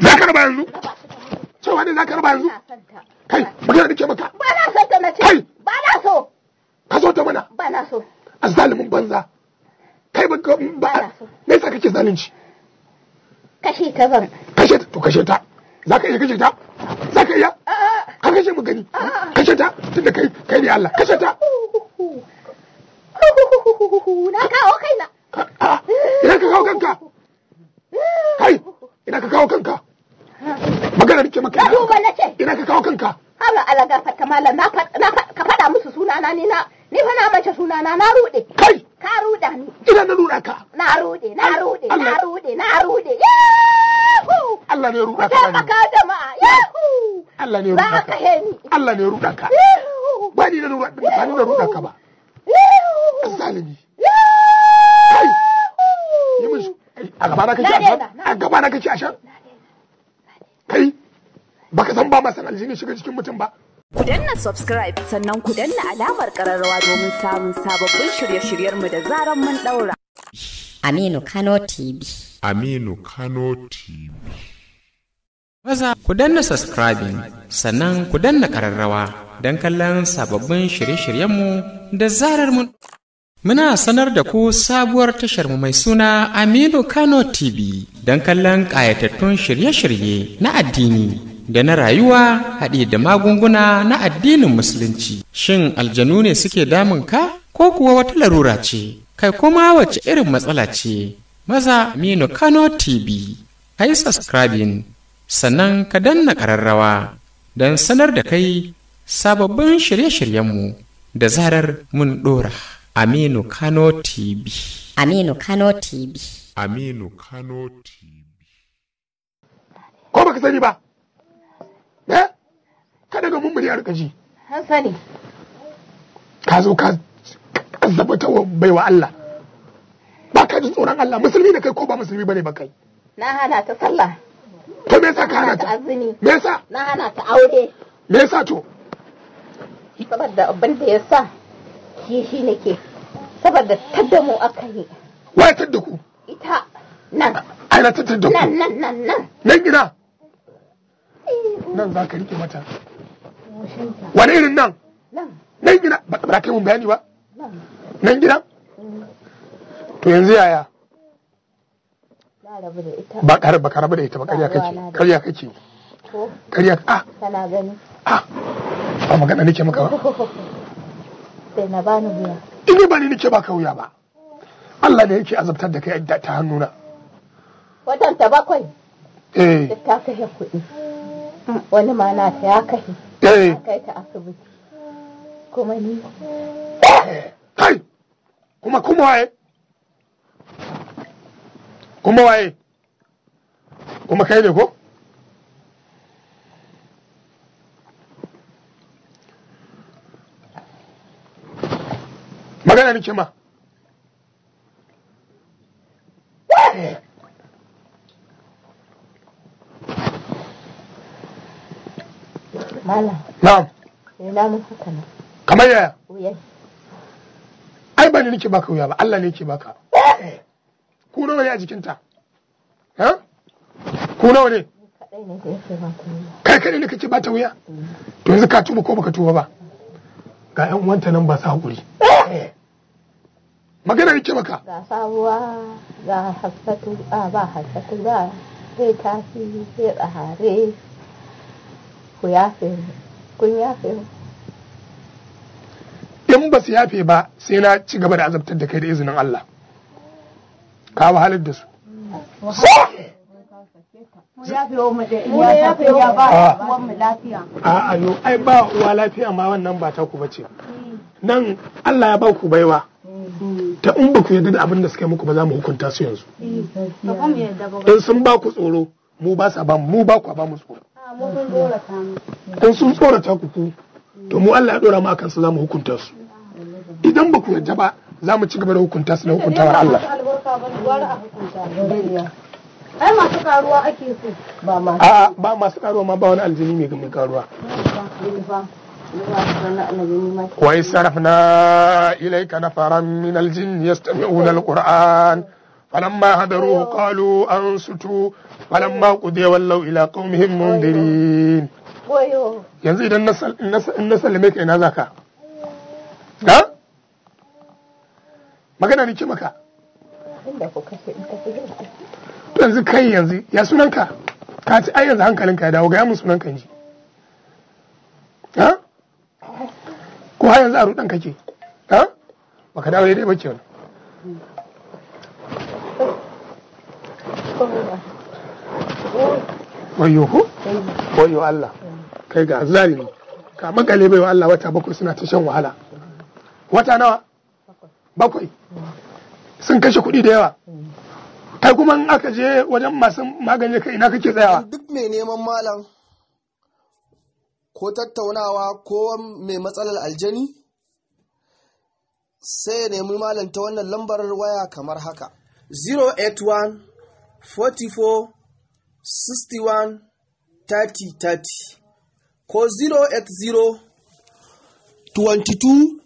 za ka raba yanzu cewa ne za ka raba yanzu kai magana nake maka ba na so ta mace kai ba na so ka so ta mana ba na so azalimin banza kai ba ba me yasa kake zalunci kashe ta zan kashe ta to kashe ta za ka iya kashe ta za ka iya ka kashe mu gani kashe ta tunda kai kai ne Allah kashe ta na kawo kaina ina ka kawo kanka kai ina ka kawo kanka magana nake maka na duba nake ina ka kawo kanka Allah Allah gafarta malam na ka fada musu sunana ni na ni fa na mace sunana na rude kai ka ruda ni ina na ruda ka na rude na rude na rude na rude yahu Allah ne ruda ka ka ka jama'a yahu Allah ne ruda ka Allah ne ruda ka ba ni da ruda ba ni da ruda ka ba zalimi kai ni mun a gaba na kake a shiga cikin mutum ba. Ku danna subscribe sannan ku danna alamar kararrawa domin samun sababbin shirye-shiryenmu da zaran mun daura. Aminu Kano TV. Aminu Kano TV. Maza ku danna subscribing sannan ku danna kararrawa don kallon sababbin shirye-shiryenmu da zarar mun Muna sanar da ku sabuwar tasharmu mai suna Aminu Kano TV don kallon ƙayatattun shirye-shirye na addini da na rayuwa haɗe da magunguna na addinin musulunci shin aljanu ne suke damun ka ko kuwa wata larura ce kai kuma wace irin matsala ce maza mino kano tv kai subscribing sannan ka danna ƙararrawa don sanar da kai sababbin shirye-shiryenmu da zarar mun ɗora aminu kano tv aminu kano tv aminu kano tv ko baka sani ba bari a rika ji hasani ka zo ka zabbata wa baiwa Allah ba ka ji tsoron Allah musulmi ne kai ko ba musulmi bane ba kai na hana ta sallah to me yasa ka hana ta azumi me yasa na hana ta aure me yasa to saboda abin da yasa shi shi nake saboda tadda mu aka yi wai tadda ku ita nan ai na tadda ku nan nan nan nan nan gida eh, nan za ka rike mata wani irin nan nan gida ba ta kai mun bayani ba nan gida mm. to yanzu yaya ba ka ba ka rabu da ita ba karya kake karya kake karya a ah. kana gani a ah. ba magana nake maka ba sai na bani wuya ina bani nake baka wuya ba Allah ne yake azabtar da kai ta hannuna watan ta bakwai eh ta kashe kuɗi wani ma na ta ya kashe Eh. kai ta asibiti kuma ni kai kuma kuma waye kuma waye kuma kai ne ko magana nake ma Malam. Na'am. Ina eh, mun ne. Kamar Ai ba nake baka wuya ba, Allah ne yake baka. Eh! Ku nawa ne a jikinta? Ha? Eh? Ku nawa ne? Kai kai ne kake bata wuya? Mm. To yanzu ka tuba ko baka tuba ba? Ga 'yan uwanta nan ba su hakuri. Magana yake maka. Ga sabuwa, ga hasatu, ba hasatu, ba zai tafi, zai tsahare. yafe yafe in ba su yafe ba sai na ci gaba da azabtar da kai da izinin Allah ka wahalar da su ah. ai ba uwa lafiya ma wannan ba ta ku bace nan Allah ya ba ku baiwa ta in ba ku yarda da abin da suka yi muku ba za mu hukunta su yanzu in sun ba ku tsoro mu ba sa ba mu ba ku ba mu tsoro In sun tsorata ku ku to mu Allah ya dora mu akan su zamu hukunta su idan ba ku yarda ba za mu ci gaba da hukunta su da hukuntawar Allah ai masu karuwa ake so ba masu a ba masu karuwa ma ba wani aljini mai gamin karuwa وإذ صرفنا إليك نفرا min aljin yastami'una alquran. فلما هدروه قالوا أنصتوا فلما قضي ولوا إلى قومهم منذرين yanzu idan na sallame ka ina za ka ha maka yanzu kai yanzu ya sunanka ka ci ai yanzu hankalinka ya dawo ga yamin sunanka ji ha ko har yanzu a rudan kake ha baka dawo daidai ba kenan wayo hu wayo Allah kai ga zalimi ka makale bai wa Allah wata bakwai suna ta shan wahala wata nawa bakwai sun kashe kuɗi da yawa kai kuma in aka je wajen masu magani ka ina kake tsayawa duk mai neman malam ko tattaunawa ko mai matsalar aljani sai ya nemi malam ta wannan lambar waya kamar haka 081 44 61 30 30 ko 080 22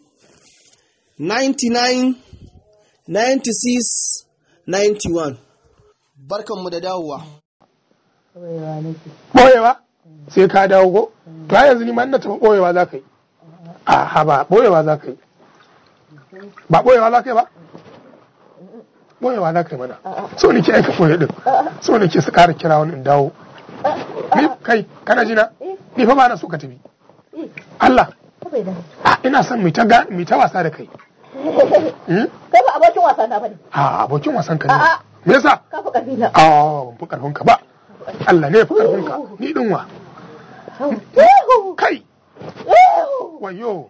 99 96 91 barkanmu da dawowa ɓoyewa sai ka dawo ko to yanzu ni ma taɓa ɓoyewa za ka yi a ba ɓoyewa za ka yi ba ɓoyewa za ka yi ba boyewa na ka yi mana so ke aika koyo din so ke su kara kira wani dawo ni kai kana jina ni fa ba na so ka tafi Allah ina son mu ta mu ta wasa da kai hmm? kai ba abokin wasa na bane a abokin wasan ka ne me yasa ka fi karfi na a ban fi karfin ka ba Allah ne ya fi karfin ka ni din wa kai wayo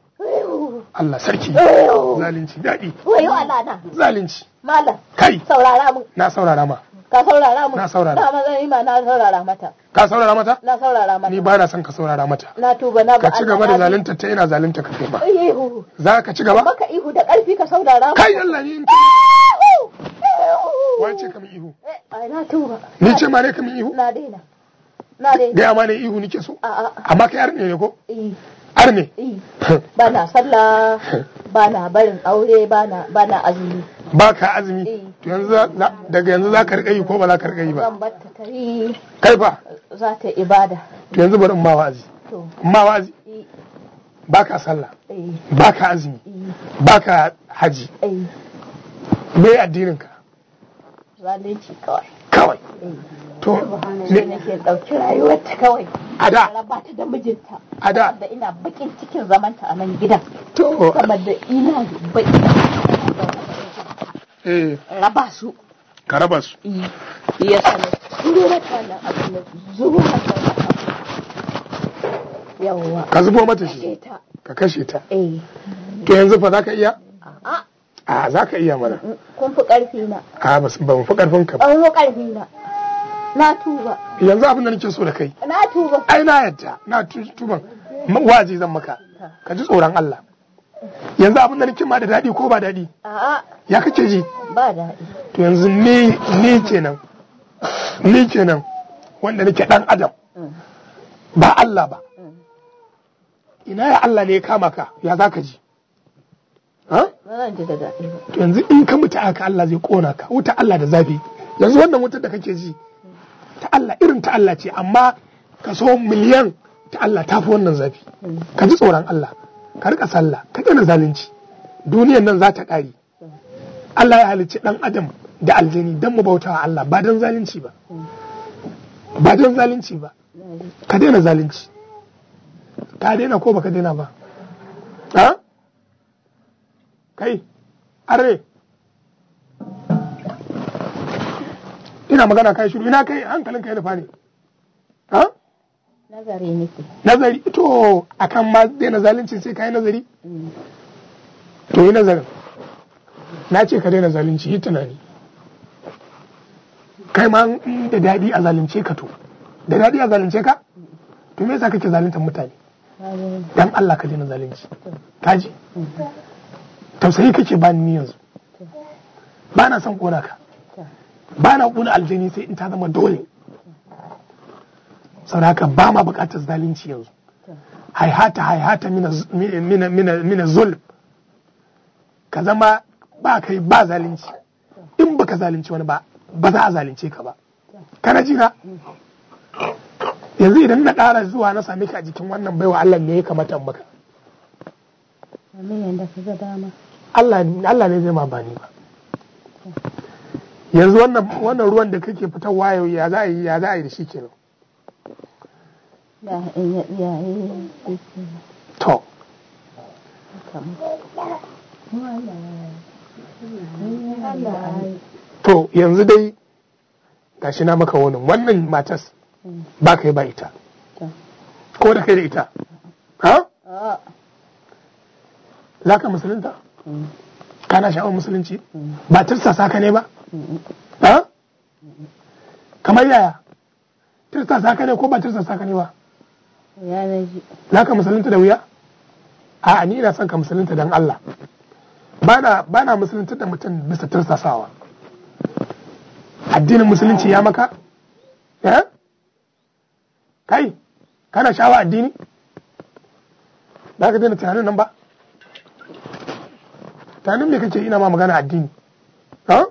Allah sarki zalunci daɗi wayo Allah na zalunci malam kai saurara mu na saurara ma ka saurara mu na saurara na maza yi ma na saurara mata ka saurara mata na saurara mata ni ba na son ka saurara mata na tuba na ba ka ci gaba da zalunta ta ina zalunta ka ba za ka ci gaba maka ihu da ƙarfi ka saurara mu kai Allah ni ce ka ihu eh, ai na tuba ni ce ma ne ka ihu na daina na daina ga ma ne ihu nike so amma kai yar ne ko eh arme eh, ba na sallah ba na barin aure ba na azumi ba ka azumi eh. daga yanzu za ka riƙa yi ko ba za ka riƙa yi ba zan batta ta yi kai fa za ta ibada to yanzu bari in ma wa'azi in ma wa'azi eh. ba ka sallah ba ka azumi ba ka haji bai addininka zalunci kawai kawai to ne ke dauki rayuwar ta kawai a da raba ta da mijinta a da da ina bakin cikin zamanta a nan gidan to kamar da ina bakin eh raba su ka raba su eh. ya sanu sana zuwa mata wannan abin zuwa ta yawa ka zubo mata shi ka kashe ta eh to yanzu fa zaka iya a za ka iya mana kun fi karfi na a ba mu fi karfin ka ba an fi karfi na na tuba yanzu abin da nake so da kai na tuba ai na yadda na tuban waje zan maka ka ji tsoron Allah yanzu abin da nake ma da daɗi ko ba daɗi ya kake ji ba daɗi to yanzu ni ni kenan ni kenan wanda nake dan adam mm. ba Allah ba mm. ina ya Allah ne ya kama ka ya za ka ji yanzu in ka mutu haka Allah zai kona ka wuta Allah da zafi yanzu wannan wutar da kake ji ta Allah irin ta Allah ce amma kaso miliyan ta Allah ta fi wannan zafi ka ji tsoron Allah ka rika sallah ka daina zalunci duniyan nan za ta ƙare Allah ya halicci dan adam da aljani dan mu bautawa Allah ba dan zalunci ba ba dan zalunci ba ka daina zalunci ka daina ko baka daina ba ha kai are ina magana kai shiru ina kai hankalinka ya nufa ne ha nazari nake nazari to akan ma zai na zalunci sai kai nazari mm. to yi nazarin na ce ka daina zalunci yi tunani kai ma da daɗi a zalunce ka to da daɗi a zalunce ka to me yasa kake zaluntar mutane dan Allah ka daina zalunci kaji mm. tausayi kake ba ni yanzu ba na son kona ka ba na kuna aljani sai in ta zama dole saboda haka ba ma bukatar zalunci yanzu haihata haihata mina zulm ka zama ba kai ba zalunci in baka zalunci wani ba ba za a zalunce ka ba kana jina yanzu idan na ƙara zuwa na sami ka a jikin wannan baiwa Allah ne ya kamata in baka Allah ne zai ma ba ni ba yanzu wannan ruwan da kake fitarwa yau ya za a yi ya da shi kenan to to yanzu dai shi na maka wani wannan matas mm. ba yi ba ita ko da kai da ita ha ah. za ka musulunta kana sha'awar musulunci ba tirsasa ka ne ba kamar yaya tirsasa ka ne ko ba tirsasa ka ne ba za ka musulunta da wuya a ni ina son ka musulunta don Allah ba na musulunta da mutum bisa tirsasawa addinin musulunci ya maka eh? kai kana sha'awar addini ba ka daina tunanin nan ba ta nan me kake ina ma magana addini ha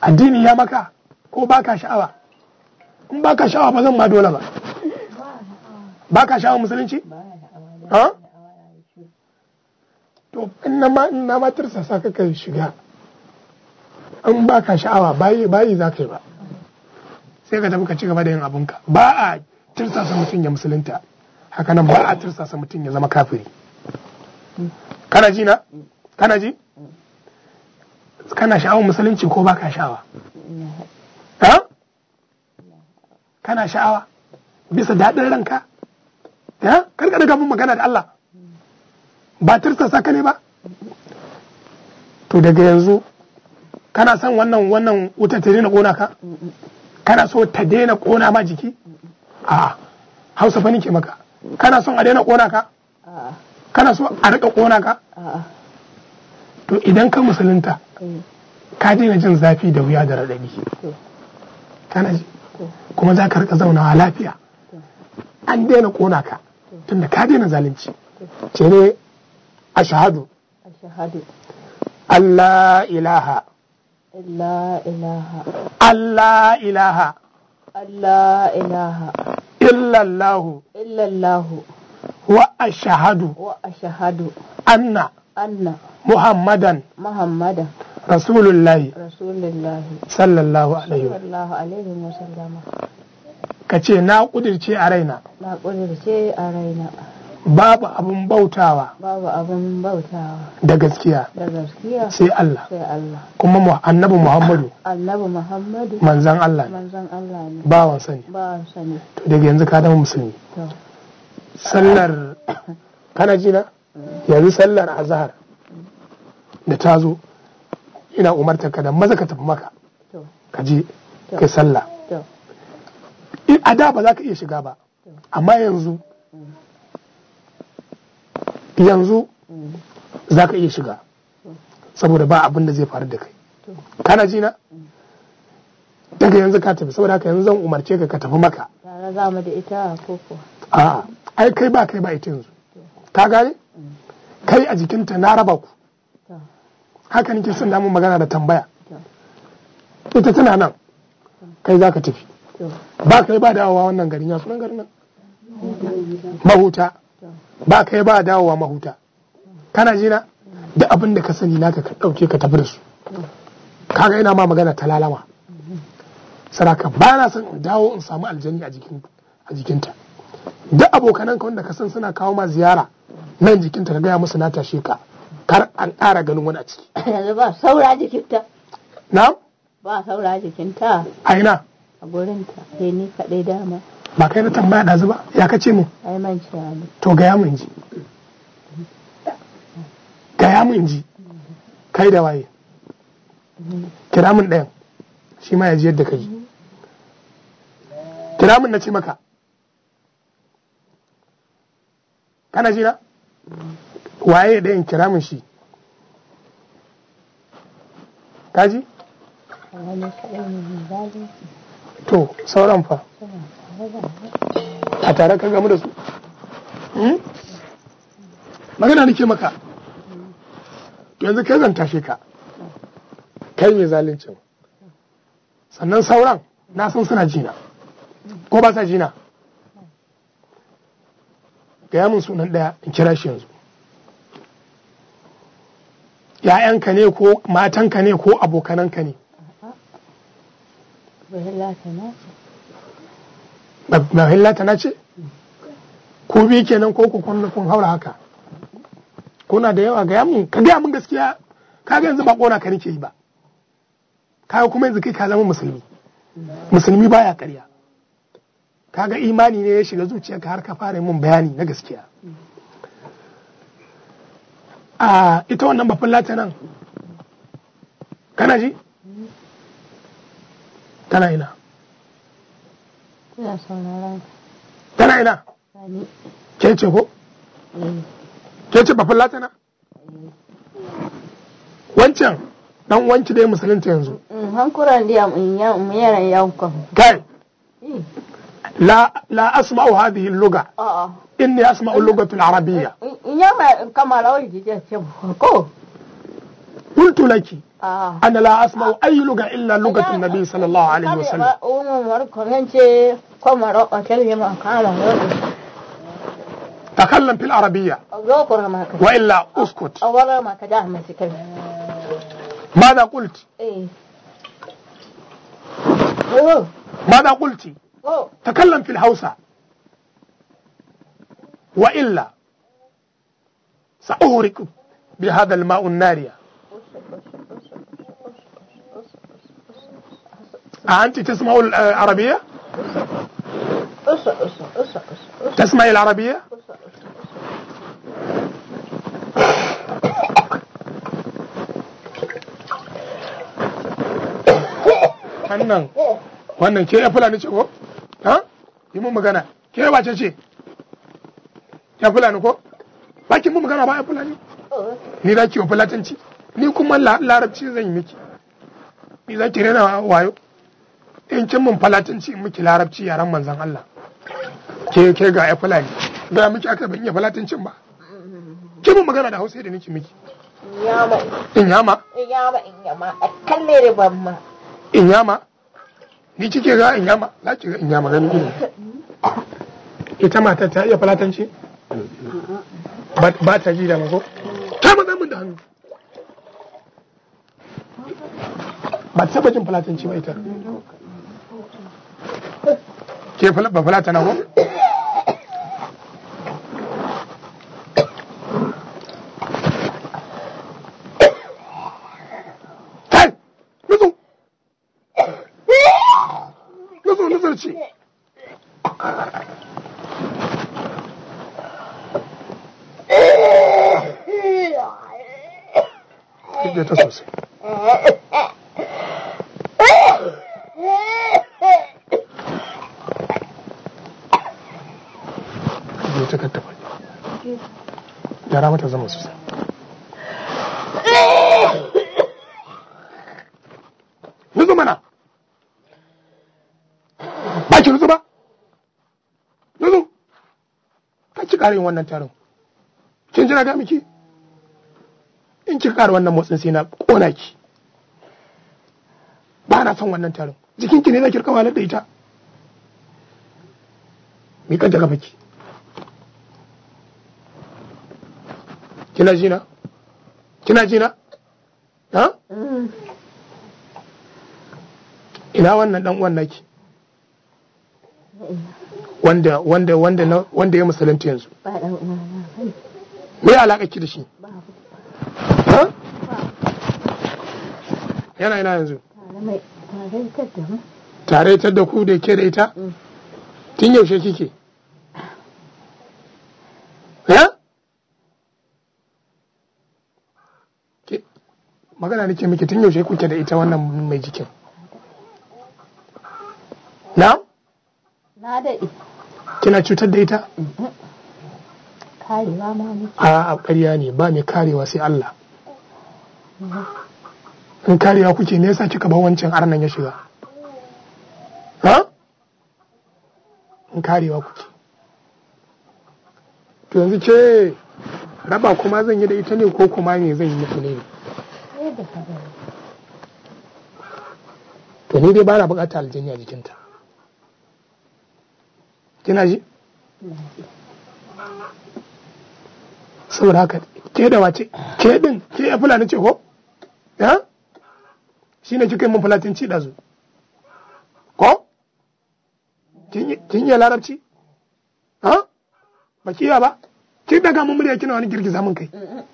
addini ya maka ko baka sha'awa in baka sha'awa ba zan ma dole ba baka sha'awa musulunci ha to inna ma inna ma tirsasa ka kai shiga in baka sha'awa bai bai za ka yi ba sai ka tafi ka ci gaba da yin ka. ba a sa mutum ya musulunta Haka nan ba a sa mutum ya zama kafiri kana ji na kana ji kana sha'awar musulunci ko baka sha'awa ha kana sha'awa bisa daɗin ranka ya karka daga mun magana da Allah ba tirsasa ka ne ba to daga yanzu kana son wannan wannan wuta ta daina kona ka kana so ta daina kona ma jiki a hausa fa nake maka kana son a daina kona ka kana so a rika kona ka to idan ka musulunta mm. ka daina jin zafi da wuya da raɗaɗi kana ji kuma za ka rika zaunawa lafiya an daina kona ka tunda ka daina zalunci ce ne a shahadu Allah ilaha Allah ilaha Allah ilaha Allah ilaha illallahu illallahu wa ashahadu anna muhammadan rasulullahi sallallahu alaihi wasallam ka ce na kudirce a raina babu abin bautawa da gaskiya sai Allah kuma Annabu muhammadu manzan Allah ne. bawan sani to daga yanzu ka dama musulmi sallar kana jina yanzu sallar azhar da ta zo ina umarta ka da maza ka tafi maka ka je kai sallah a da ba za ka iya shiga ba amma yanzu mm. yanzu mm. za ka iya shiga saboda ba abin da zai faru da kai kana jina mm. daga yanzu ka tafi saboda haka yanzu zan umarce ka ka tafi maka za mu da ita ko ko a'a ai kai ba kai ba ita yanzu ka gane kai a jikinta na raba ku haka nake son damun magana da tambaya ita tana nan kai za ka tafi ba kai ba dawowa wannan garin ya sunan garin nan mahuta ba kai ba dawowa mahuta kana jina da abin da ka sani naka ka ɗauke ka tafi da su kaga ina ma magana ta lalama mhm. saraka ba na son in dawo in samu aljanni a jikinta duk abokanan ka wanda ka san suna kawo ma ziyara nan jikinta ka gaya musu na tashe ka kar an ƙara ganin wani a ciki yanzu ba saura jikinta na ba saura jikinta a ina a gurinta sai ni kaɗai dama ba kai na tambaya ɗazu ba ya kace mu ai man to gaya mun ji gaya mun ji kai da waye kira mun ɗayan shi ma ya ji yadda ka ji kira mun na ce maka kana ji na waye da yin kira min shi ji? to sauran fa a tare ka gamu da su hmm? magana ke maka yanzu kai zan tashe ka kai mai zalincin sannan sauran na san suna jina ko ba sa jina gaya min sunan ɗaya in kira shi yanzu ‘ya'yanka ne ko matanka ne ko abokananka ne mahillata na ce ko bi kenan ko ku kun haura haka kuna da yawa gaya min ka gaya min gaskiya ka ga yanzu ba kona ka nake yi ba Kaya kuma yanzu kai ka zama musulmi musulmi baya karya kaga imani ne ya shiga zuciyarka har ka fara mun bayani na gaskiya a ita wannan babban latanan kana ji tana ina tana ina ke ce ko ke ce babban latana wancan dan wanci dai musulunta yanzu hankuran da ya yaran yankon kai لا لا أسمع هذه اللغة آه. إني أسمع اللغة العربية قلت لك آه. أنا لا أسمع آه. أي لغة إلا لغة النبي صلى الله عليه وسلم تكلم في العربية وإلا أسكت آه. ماذا قلت؟ إيه. ماذا قلت؟ تكلم في الهوسة وإلا سأهرك بهذا الماء الناري أنت تسمع العربية؟ تسمع العربية؟ wannan wannan ke ya fulani yi mun magana ke wace ce ya ni ko ba ki mun magana ba ya fulani ni za ki wa fulatanci ni kuma larabci zan yi miki ni za ki rena wayo in kin mun fulatanci in miki larabci yaran manzon Allah ke ke ga ya ni ba miki aka ban ya fulatancin ba ki mun magana da Hausa da niki miki in yama in yama in yama in yama in yama ni kike ga in yama na ki in yama ganin ido ita mata ta iya falatanci ba ta ji da mako ta maza mun da hannu ba ta taba jin falatanci ba ita ke ba na ko ta ta faɗi mata zama sosai nuzu mana ba ki nuzu ba nuzu ka ci ƙarin wannan taron kin jira ga miki in ki ƙara wannan motsin sai na ƙona ki ba na son wannan taron jikinki ne zaki rika da ita mi kanta gaba ki kina jina kina jina ha mm. ina wannan dan uwan naki wanda wanda wanda wanda ya musulunta yanzu me alaka ki da shi yana ina yanzu tare ta da ku da ke da ita mm. tun yaushe kike magana nake miki tun yaushe kuke da ita wannan mai jikin na na kina cutar da ita mm-hmm. karewa a ƙarya ne ba mai karewa sai Allah mm-hmm. in karewa kuke me yasa kika ba wancan arnan ya shiga ha in karewa kuke to yanzu ce raba kuma zan yi da ita ne ko kuma ne zan yi muku ne to ni dai ba na bukata aljini a jikinta kina ji saboda haka ke da wace ke din ke ya fulani ce ko ya shi ne kika yi mun fulatinci ɗazu ko kin yi larabci ha ba kiya ba kin daga mun murya kina wani girgiza mun kai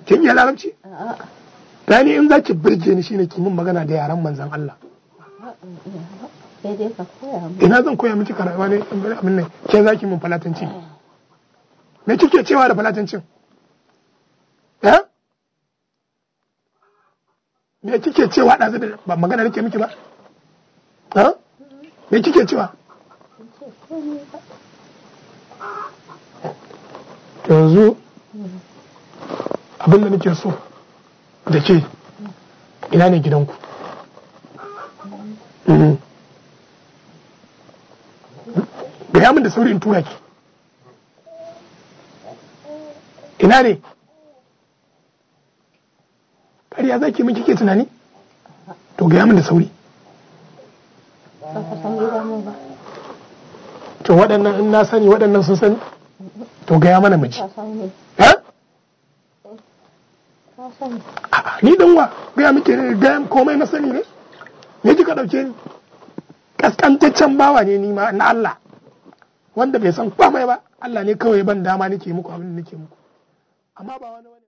kin yi larabci rani in zaki birge ni shine ki magana da yaran manzan Allah ina zan koya miki karawa ne abin nan ke zaki mun falatanci me kike cewa da falatancin eh me kike cewa da zai ba magana nake miki ba eh me kike cewa yanzu abin da nake so da ce ina ne gidanku da mm-hmm. yamin da sauri in tura ki ina ne kariya za ki min kike tunani to gaya min da sauri to waɗannan in na sani waɗannan sun sani to gaya mana miji ni dan wa gaya muke ne komai na sani ne me kika dauke ni kaskantaccen bawa ne ni ma na Allah wanda bai san komai ba Allah ne kawai ban dama nake muku abin da nake muku amma ba wani